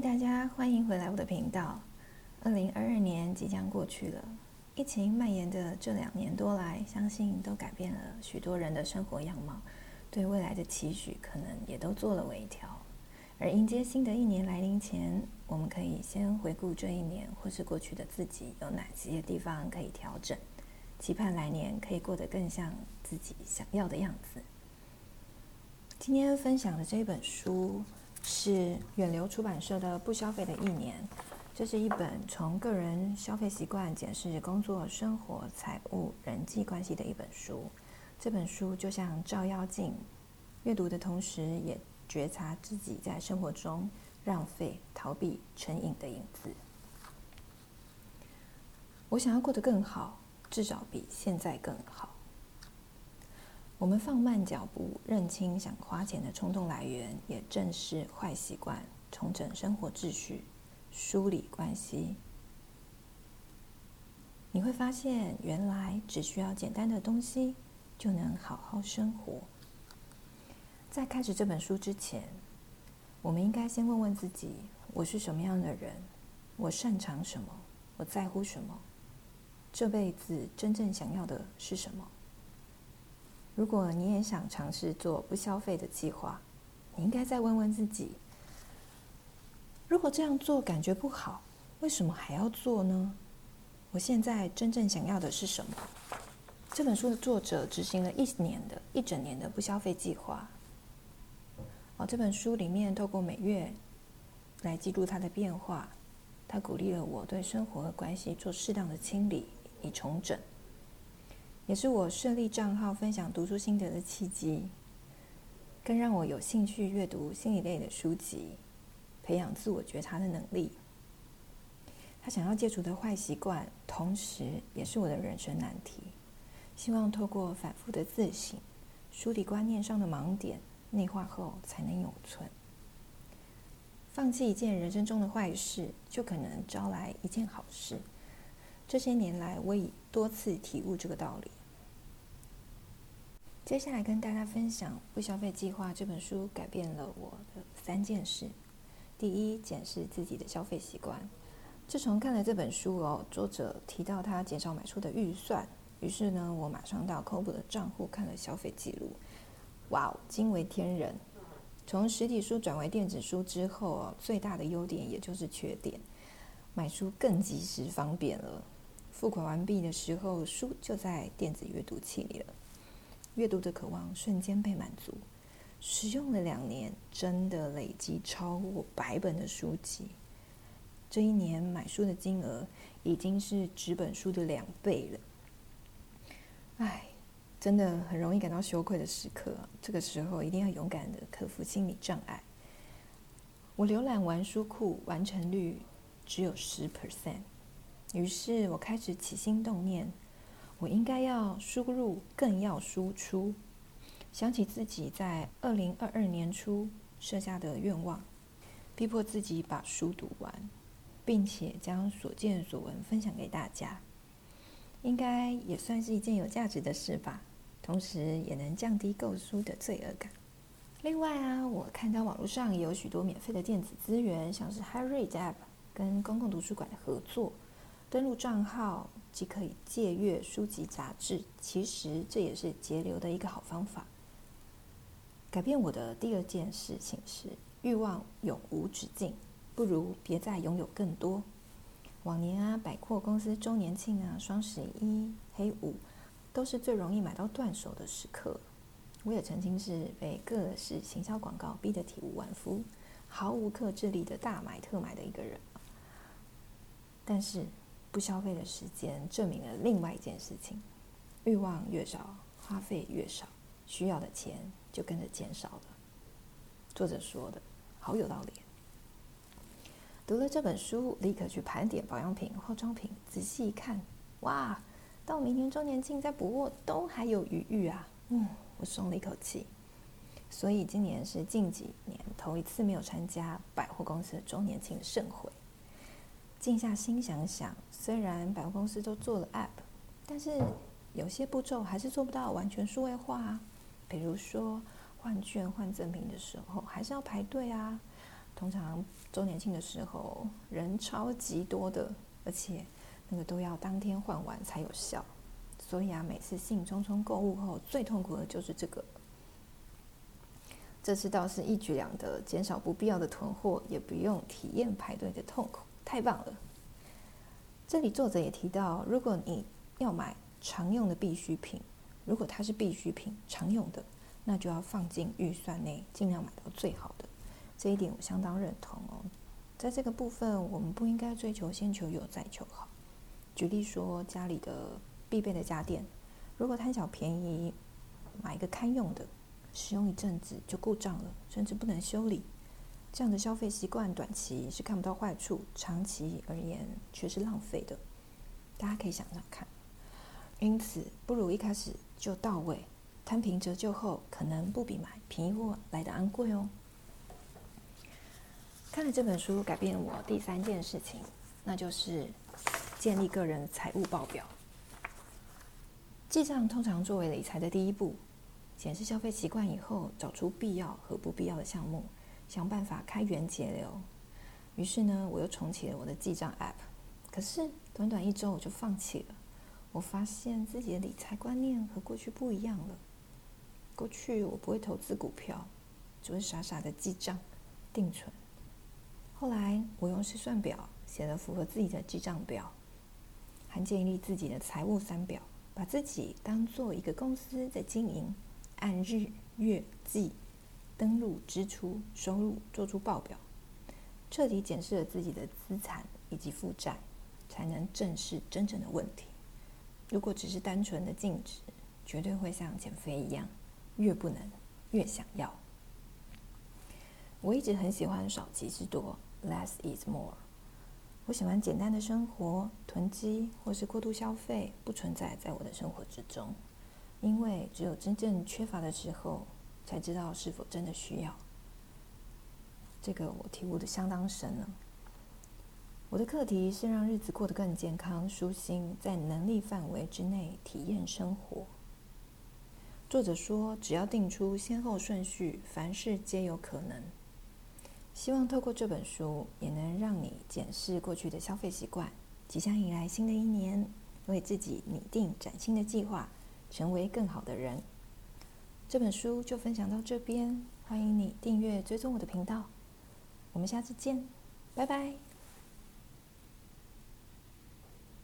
大家歡迎回來我的頻道。二零二二年即將過去了，疫情蔓延的這兩年多來，相信都改變了許多人的生活樣貌，對未來的期許可能也都做了微調。而迎接新的一年來臨前，我們可以先回顧這一年或是過去的自己，有哪些地方可以調整，期盼來年可以過得更像自己想要的樣子。今天分享的這本書，是遠流出版社的《不消費的一年》，這是一本從個人消費習慣檢視工作、生活、財務、人際關係的一本書。這本書就像照妖鏡，閱讀的同時也覺察自己在生活中浪費、逃避、成癮的影子。我想要過得更好，至少比現在更好。我們放慢腳步，認清想花錢的衝動來源，也正視壞習慣，重整生活秩序，梳理關係。你會發現，原來只需要簡單的東西，就能好好生活。在開始這本書之前，我們應該先問問自己：我是什麼樣的人？我擅長什麼？我在乎什麼？這輩子真正想要的是什麼？如果你也想嘗試做不消費的計劃，你應該再問問自己：如果這樣做感覺不好，為什麼還要做呢？我現在真正想要的是什麼？這本書的作者執行了一年的一整年的不消費計劃。哦，這本書裡面透過每月來記錄她的變化，她鼓勵了我對生活和關係做適當的清理以重整。也是我設立賬號分享讀書心得的契機，更讓我有興趣閱讀心理類的書籍，培養自我覺察的能力。她想要戒除的壞習慣，同時也是我的人生難題。希望透過反復的自省，梳理觀念上的盲點，內化後才能永存。放棄一件人生中的壞事，就可能招來一件好事。這些年來，我已多次體悟這個道理。接下來跟大家分享《不消費計劃》這本書改變了我的三件事。第一，檢視自己的消費習慣。自從看了這本書哦，作者提到他減少買書的預算，於是呢，我馬上到 Kobo 的賬戶看了消費記錄。哇哦，驚為天人！從實體書轉為電子書之後哦，最大的優點也就是缺點，買書更及時方便了。付款完畢的時候，書就在電子閱讀器裡了。閱讀的渴望瞬間被滿足，使用了兩年，真的累積超過百本的書籍。這一年買書的金額已經是紙本書的兩倍了。哎，真的很容易感到羞愧的時刻，這個時候一定要勇敢的克服心理障礙。我瀏覽完書庫，完成率只有十 percent，於是我開始起心動念。我應該要輸入，更要輸出。想起自己在二零二二年初設下的願望，逼迫自己把書讀完，並且將所見所聞分享給大家，應該也算是一件有價值的事吧。同時，也能降低購書的罪惡感。另外啊，我看到網絡上有許多免費的電子資源，像是 HyRead 的 App 跟公共圖書館的合作。登錄賬號即可以借閱書籍、雜誌。其實這也是節流的一個好方法。改變我的第二件事情是：欲望永無止境，不如別再擁有更多。往年啊，百貨公司周年慶啊，雙十一、黑五，都是最容易買到斷手的時刻。我也曾經是被各式行銷廣告逼得體無完膚、毫無克制力的大買特買的一個人。但是，不消費的時間，證明了另外一件事情：欲望越少，花費越少，需要的錢就跟着減少了。作者說的好有道理。讀了這本書，立刻去盤點保養品、化妝品，仔細一看，哇！到明年週年慶再補貨都還有餘裕啊！嗯，我鬆了一口氣。所以今年是近幾年頭一次沒有參加百貨公司的週年慶盛會。靜下心想想，雖然百貨公司都做了 App，但是有些步驟還是做不到完全數位化啊。比如說換券換贈品的時候，還是要排隊啊。通常周年慶的時候人超級多的，而且那個都要當天換完才有效。所以啊，每次興沖沖購物後，最痛苦的就是這個。這次倒是一舉兩得，減少不必要的囤貨，也不用體驗排隊的痛苦。太棒了！這裡作者也提到，如果你要買常用的必需品，如果它是必需品、常用的，那就要放進預算內，盡量買到最好的。這一點我相當認同哦。在這個部分，我們不應該追求先求有再求好。舉例說，家裡的必備的家電，如果貪小便宜買一個堪用的，使用一陣子就故障了，甚至不能修理。這樣的消費習慣，短期是看不到壞處，長期而言卻是浪費的。大家可以想想看。因此，不如一開始就到位，攤平折舊後，可能不比買便宜貨來得昂貴哦。看了這本書，改變了我第三件事情，那就是建立個人財務報表。記賬通常作為理財的第一步，檢視消費習慣以後，找出必要和不必要的項目。想辦法開源節流。於是呢，我又重啟了我的記賬 App。可是短短一周，我就放棄了。我發現自己的理財觀念和過去不一樣了。過去我不會投資股票，只會傻傻的記賬、定存。後來我用試算表寫了符合自己的記賬表，還建立自己的財務三表，把自己當做一個公司在經營，按日月計、月記。登錄、支出、收入，做出報表，徹底檢視了自己的資產以及負債，才能正視真正的問題。如果只是單純的禁止，絕對會像減肥一樣，越不能越想要。我一直很喜歡少即是多 （Less is more），我喜歡簡單的生活，囤積或是過度消費不存在在我的生活之中，因為只有真正缺乏的時候。才知道是否真的需要。這個我體悟的相當深了。我的課題是讓日子過得更健康、舒心，在能力範圍之內體驗生活。作者說：“只要定出先後順序，凡事皆有可能。”希望透過這本書，也能讓你檢視過去的消費習慣。即將迎來新的一年，為自己擬定嶄新的計劃，成為更好的人。這本書就分享到這邊，歡迎你訂閱追蹤我的頻道，我們下次見，拜拜。